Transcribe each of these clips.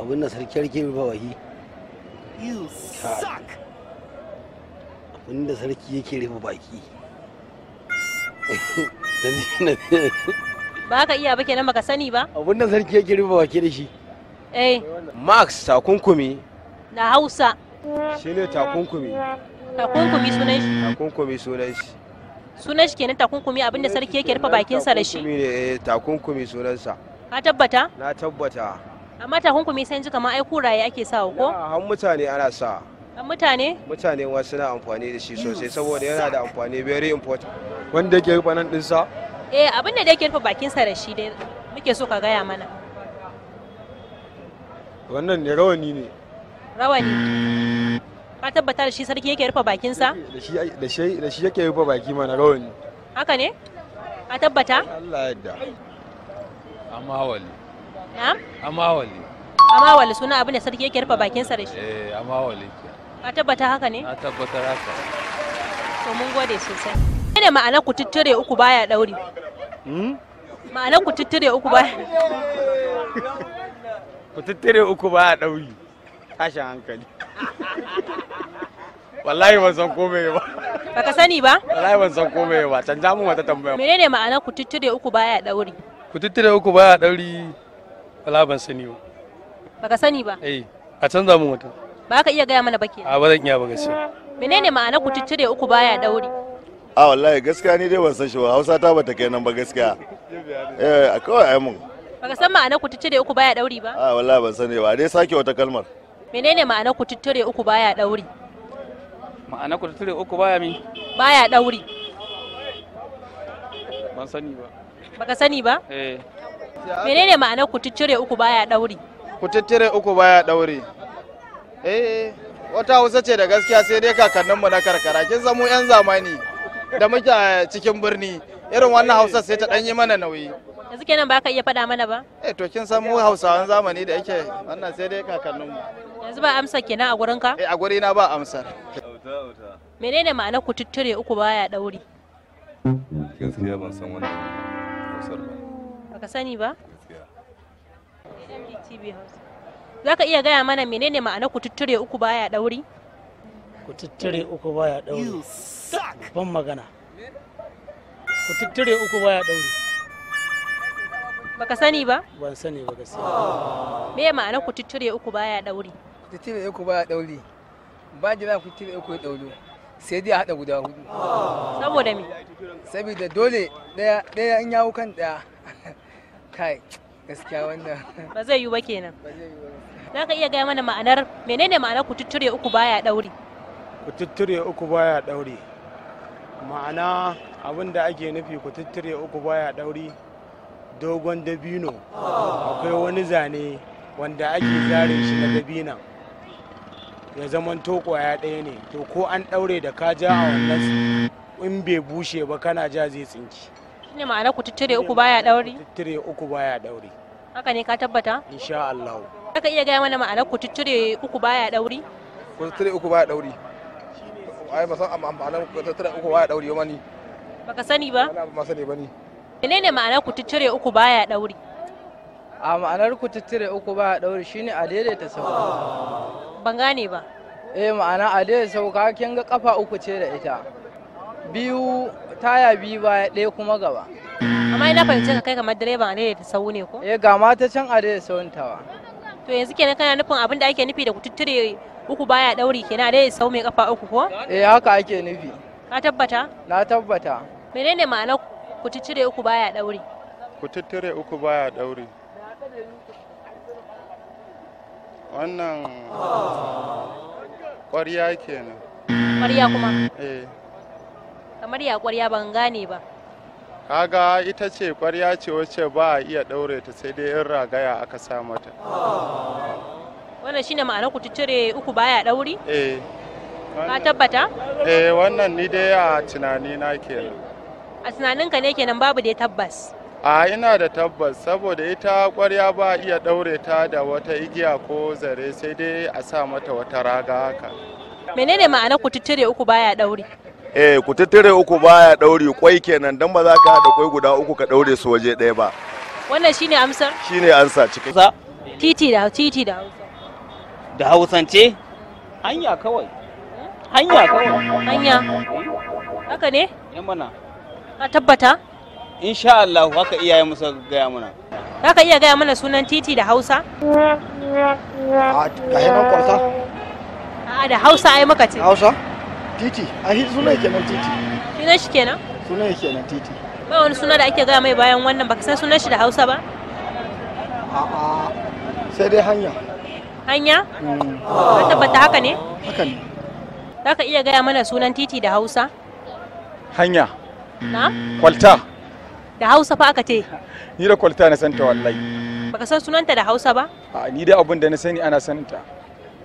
abin da sarki rike baki you suck abin da sarki yake rufe baki ba ka iya ba kenan baka sani ba abin da sarki yake rufe baki da shi eh max takunkumi na hausa ne takunkumi takunkumi sunan shi takunkumi sunan shi sunan shi kenan takunkumi abinda sarki yake rufe bakinsa da shi eh, takunkumi sunansa ka tabbata na tabbata amma takunkumi sai ji kamar ai kuraye ake sawa ko an mutane ana sa an mutane mutane wasu na amfani da shi sosai saboda yana da amfani very important wanda yake rufe nan sa. eh abin da yake rufe bakin sa da shi dai muke so ka gaya mana wannan ne rawani ne rawani ka tabbata da shi sarki yake rufe bakin sa da shi da shi yake rufe baki mana rawani haka ne ka tabbata Allah ya yarda amma wali na'am amawali amawali suna abin da sarki yake rufe bakin sa da shi eh amawali a tabbata haka ne a tabbatar haka to mun gode sosai Mene ma'anar ku tuttare uku baya dauri hmm? ma'anar ku tuttare uku baya ku tuttare uku baya dauri tashin hankali wallahi ban san komai ba baka sani ba wallahi ban san komai ba canza mun wata tambaya menene ma'ana ku tuttire uku baya dauri ku tuttire uku baya dauri Wala ban sani ba. Baka sani ba? Eh, a canza mu mutum Ba ka iya gaya mana ba ke. A ba zan iya ba gaske Menene ma'ana ku ciccire uku baya dauri? A wallahi gaskiya ni dai ban san shi ba. Hausa ta bata kai nan ba gaskiya. Eh, a kawai ai mun. Baka san ma'ana ku ciccire uku baya dauri ba? A wallahi ban sani ba. Dai sake wata kalmar. Menene ma'ana ku ciccire uku baya dauri? Ma'ana ku ciccire uku baya mi? Baya dauri. Ban sani ba. Baka sani ba? Eh. menene ma'anar kututture uku baya daure. Kututture uku baya daure. eh wata hausa ce da gaskiya sai dai kakanninmu na karkara kin san mu yan zamani da muke cikin birni irin wannan hausa sai ta danyi mana nauyi yanzu kenan ba ka iya faɗa mana ba eh to kin san mu hausawan zamani da yake wannan sai dai kakanninmu yanzu ba amsa kenan a gurin ka eh a guri na ba amsar menene ma'anar kututture uku baya daure. gaskiya ban san wannan hausar ba baka sani ba za ka iya gaya mana menene ma'ana kututture uku baya dauri kututture uku baya dauri ban magana kututture uku baya dauri baka sani ba ban sani ba gaskiya oh. me ma'ana kututture uku baya dauri kututture uku baya dauri ba jira kututture uku ya dauri sai dai a haɗa guda hudu saboda me saboda dole ɗaya in yawo kan ɗaya kai gaskiya wannan ba zai yi ba kenan ba zai yi ba za ka iya gaya mana ma'anar menene ma'anar kututture uku baya dauri kututture uku baya dauri ma'ana abin da ake nufi kututture uku baya dauri dogon dabino akwai wani zane wanda ake zare shi na dabina ya zaman to kwaya ɗaya ne to ko an ɗaure da ka ja a wannan in bai bushe ba kana ja zai tsinki shine ma'ana ku tuttire uku baya dauri tuttire uku baya dauri haka ne ka tabbata insha Allah ka iya gaya mana ma'anar ku tuttire uku baya dauri ku tuttire uku baya dauri ai ba san ma'anar ku tuttire uku baya dauri mani baka sani ba wala ba sani ni menene ma'anar ku tuttire uku baya dauri a ma'anar ku tuttire uku baya dauri shine a daidaita sau ban gane ba eh ma'ana a daidaita sauka ka kin ga kafa uku ce da ita biyu taya biyu baya ɗaya kuma gaba amma ina fahimci ka kai kamar direban a ta sau ne ko eh ga mata can a dai sau tawa to yanzu kenan kana nufin abin da ake nufi da kututture uku baya dauri kenan a da sau mai kafa uku ko eh haka ake nufi ka tabbata na tabbata menene ma'anar kututture uku baya dauri kututture uku baya dauri wannan ƙwarya kenan ƙwarya kuma eh kamar ya kwarya ban gane ba kaga ita ce kwarya ce wacce ba a iya ɗaure ta sai dai in ragaya aka sa mata wannan shine ma'ana ku cire uku baya ɗauri eh ka tabbata eh wannan ni dai a tunani na kenan a tunaninka ne kenan babu dai tabbas a ina da tabbas saboda ita kwarya ba iya ɗaure ta da wata igiya ko zare sai dai a sa mata wata raga haka menene ma'ana ku cire uku baya ɗauri eh ku tattare uku baya daure kwai kenan dan ba za ka haɗa kwai guda uku ka daure su waje ɗaya ba wannan shine amsar shine amsa cikin titi da titi da hausa da hausance hanya kawai hanya kawai hanya haka ne yan mana ka tabbata insha Allah haka iyaye musa gaya mana haka iya gaya mana sunan titi da hausa ah, a da hausa ai maka ce hausa titi a hi suna kenan titi sunan shi kenan suna shi nan titi ba wani suna da ake gaya mai bayan wannan baka san sunan shi da hausa ba a'a sai dai hanya hanya hmm. ka tabbata haka ne haka ne za ka iya gaya mana sunan titi da hausa hanya na kwalta da hausa fa aka te ni da kwalta na santa wallahi baka san sunanta da hausa ba a ni da abin da na sani ana santa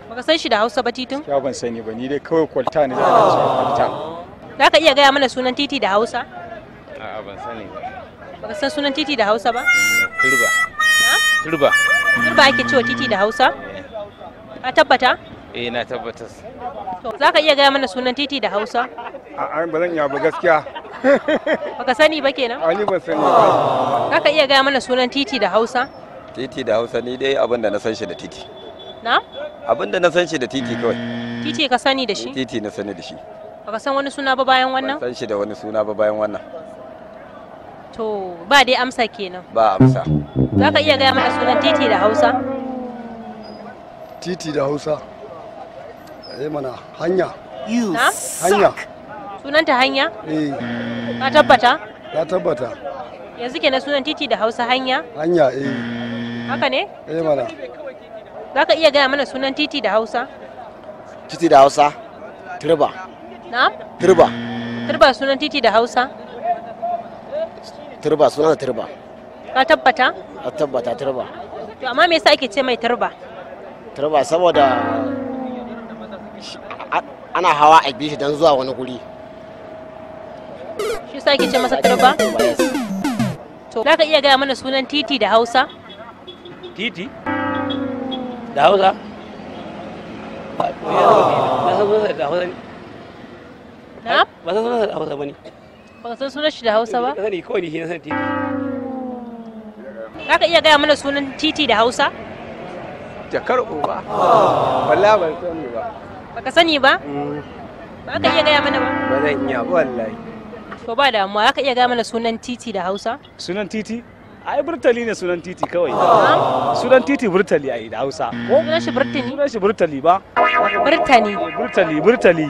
Baka san shi da Hausa ba titin? Ya ban sani ba ni dai kawai kwalta ne za a ce kwalta. Za ka iya gaya mana sunan titi da Hausa? A'a ban sani ba. Baka san sunan titi da Hausa ba? Turba. Turba. Turba ake cewa titi da Hausa? Eh. Ka tabbata? Eh na tabbata. To za ka iya gaya mana sunan titi da Hausa? A'a ba zan iya ba gaskiya. Baka sani ba kenan? A ni ban sani ba. Za ka iya gaya mana sunan titi da Hausa? Titi da Hausa ni dai abin da na san shi da titi. Na? abinda na san shi da titi kawai titi ka sani da shi titi na sani da shi baka san wani suna ba bayan wannan san shi da wani suna ba bayan wannan to ba dai amsa kenan ba amsa za ka iya gaya mana sunan titi da hausa titi da hausa eh mana hanya hanya sunanta hanya eh ka tabbata ka tabbata yanzu kenan sunan titi da hausa hanya hanya eh haka ne eh mana za ka iya gaya mana sunan titi da hausa titi da hausa turba na turba turba sunan titi da hausa turba sunan turba ka tabbata a tabbata turba to amma me yasa ake ce mai turba turba saboda ana hawa a bishi don zuwa wani guri shi sa ake ce masa turba to za ka iya gaya mana sunan titi da hausa titi da hausa na san sunan da hausa ne ba sunan da hausa ba ne ba san sunan shi da hausa ba sani kawai ne shi na san titi za ka iya gaya mana sunan titi da hausa jakar uba walla ban sani ba Ba ka sani ba ba ka iya gaya mana ba ba zan iya ba wallahi to ba damuwa za ka iya gaya mana sunan titi da hausa sunan titi ai burtali ne sunan titi kawai ah. sunan titi burtali yi da hausa ko sunan shi burtali sunan shi burtali ba burtali burtali burtali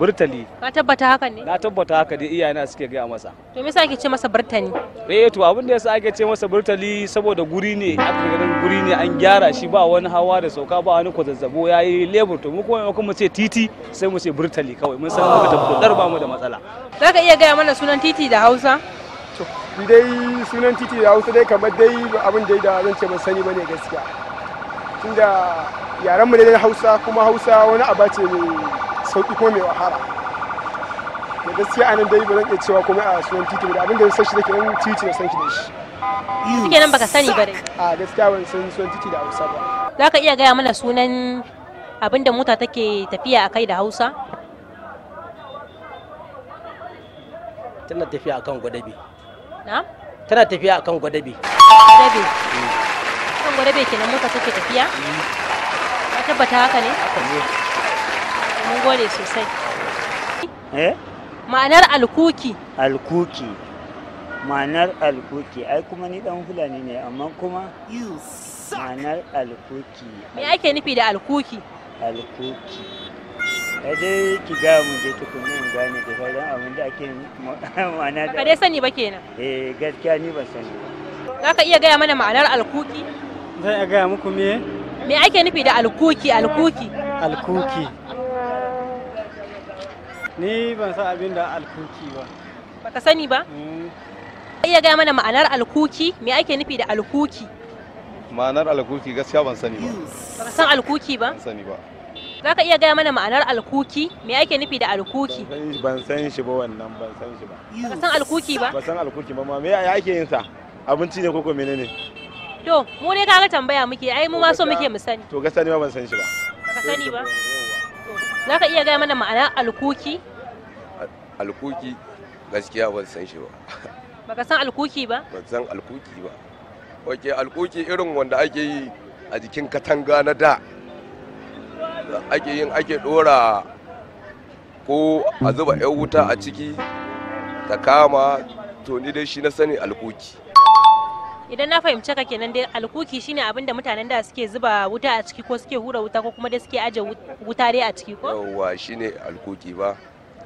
burtali ka tabbata haka ne na tabbata haka dai iyayena suke gaya masa to me yasa ake ce masa burtali eh to abin da yasa ake ce masa burtali saboda guri ne aka ganin guri ne an gyara shi ba wani hawa da sauka ba wani kwazazzabo yayi lebur to mu kuma mu ce titi sai mu ce burtali kawai mun san muka tabbatar ba mu da matsala zaka iya gaya mana sunan titi da Hausa to shi dai sunan titi da hausa dai kamar dai abin dai da zan ce ban sani bane gaskiya tunda yaren mu dai hausa kuma hausa wani aba ce mai sauki ko mai wahala da gaskiya anan dai ba zan iya cewa komai a sunan titi da abin da san shi da kenan titi da san shi da shi Shi nan baka sani ba dai. A gaskiya ban san sunan titi da Hausa ba. Za ka iya gaya mana sunan abin da mota take tafiya a kai da Hausa? Tana tafiya akan gwadabi. tana tafiya akan gwadabe gwadabe mm. kan gwadabe kenan mota take tafiya mm. ka tabbata haka ne haka ne mun gode sosai eh ma'anar alkuki alkuki ma'anar alkuki ai kuma ni dan fulani ne amma kuma ma'anar alkuki me ake nufi da alkuki alkuki ya dai ki ga mu je tukun in gane da sauran abin da ake ma'ana da. Ka dai sani ba kenan. Eh gaskiya ni ba sani Za ka iya gaya mana ma'anar alkuki? Zan iya gaya muku me? Me ake nufi da alkuki alkuki? Alkuki. Ni ban san abin da alkuki ba. Baka sani ba? Mm. Ka iya gaya mana ma'anar alkuki? Me ake nufi da alkuki? Ma'anar alkuki gaskiya ban sani ba. Baka san alkuki ba? sani ba. Za ka iya gaya mana ma'anar alkuki? Me ake nufi da alkuki? Ban san shi ba wannan ban san shi ba. Ba san alkuki ba? Ba san alkuki ba ma me ake yin sa? Abinci ne koko menene? To, mu ne ka ga tambaya muke, ai mu ma so muke mu sani. To gaskiya ma ban san shi ba. Ba sani ba? Za ka iya gaya mana ma'anar alkuki? Alkuki gaskiya ban san shi ba. Baka san alkuki ba? Ban san alkuki ba. Ok, alkuki irin wanda ake yi a jikin katanga na da. ake yin ake dora ko a zuba 'yan wuta a ciki ta kama to ni dai shi na sani alkuki idan na fahimce ka kenan dai alkuki shine abin da mutanen da suke zuba wuta a ciki ko suke hura wuta ko kuma da suke aje wuta dai a ciki ko yawwa shine alkuki ba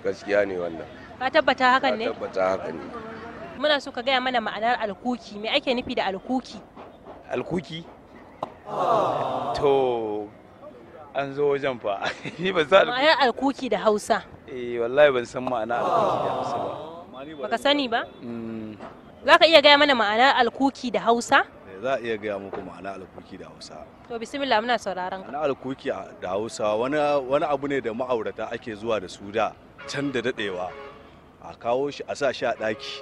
gaskiya ne wannan ka tabbata hakan ne ka tabbata hakan ne muna so ka gaya mana ma'anar alkuki me ake nufi da alkuki alkuki to an zo wajen fa ni ba san ma'anar alkuki da hausa eh wallahi ban san ma'anar alkuki da hausa ba baka sani ba mm. za ka iya gaya mana ma'anar alkuki da hausa eh, za a iya gaya muku ma'ana alkuki da hausa to bismillah muna sauraron ka ma'ana alkuki da hausa wani wani abu ne da ma'aurata ake zuwa da su da can da dadewa a kawo shi a sa shi a daki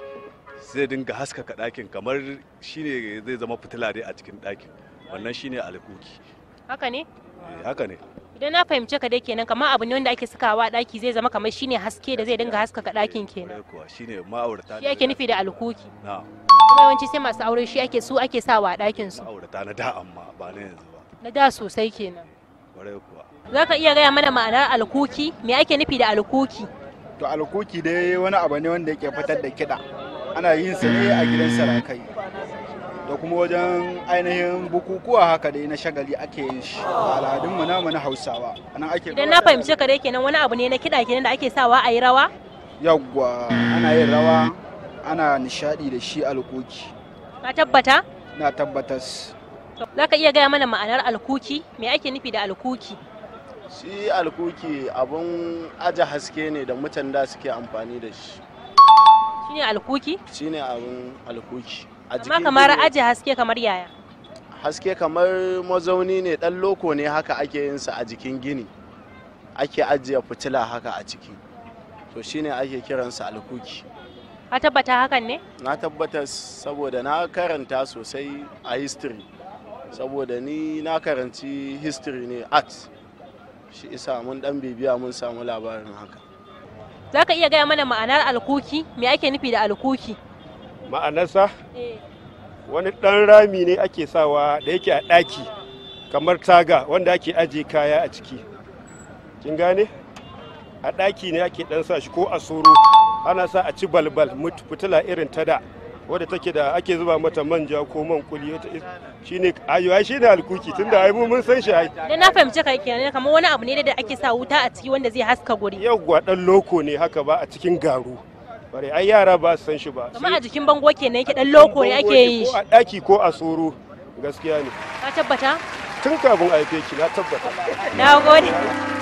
zai dinga haskaka dakin kamar shine zai zama fitila dai a cikin dakin wannan shine alkuki haka ne Eh, haka ne idan na fahimce ka dai kenan kamar abu ne wanda ake sakawa daki zai zama kamar shine haske da zai dinga haskaka dakin eh, kenan shine ma'aurata shi ake nufi da alkuki na'am kuma yawanci sai masu aure shi ake su ake sawa a dakin su ma'aurata na da amma ba na yanzu ba na da sosai kenan kwarai kuwa za ka iya gaya mana ma'anar alkuki me ake nufi da alkuki to alkuki dai wani abu ne wanda yake fitar da kiɗa ana yin sa ne a gidan sarakai da kuma wajen ainihin bukukuwa haka dai na shagali ake yin shi al'adun mu namu na Hausawa anan ake idan na fahimce ka dai kenan wani abu ne na kiɗa kenan da ake sawa a yi rawa yawwa ana yin rawa ana nishadi da shi alkuki ka tabbata na tabbatas za ka iya gaya mana ma'anar alkuki me ake nufi da alkuki shi alkuki abun aja haske ne da mutan da suke amfani da shi shine alkuki shine abun alkuki a jikin amma kamar aje haske kamar yaya haske kamar mazauni ne dan loko ne haka ake yin sa a jikin gini ake ajiye fitila haka a ciki to shine ake kiransa alkuki a tabbata hakan ne na tabbata saboda na karanta sosai a history saboda ni na karanci history ne art shi isa mun dan bibiya mun samu labarin haka za ka iya gaya mana ma'anar alkuki me ake nufi da alkuki ma'anarsa eh. wani ɗan rami ne ake sawa da yake a ɗaki kamar taga wanda ake aje kaya a ciki kin gane a ɗaki ne ake ɗan sa shi ko a soro ana sa a ci balbal fitila irin ta da wadda take da ake zuba mata manja ko man kuli shi ne ayo shi ne alkuki tunda ai mun san shi ai da na fahimci yake ne kamar wani abu ne da ake sa wuta a ciki wanda zai haska guri yau gwadan loko ne haka ba a cikin garu bare ai yara ba su san shi ba kuma a jikin bango kenan yake dan loko ne ake yi ko a daki ko a soro gaskiya ne ka tabbata tun kafin a ki na tabbata nagode gode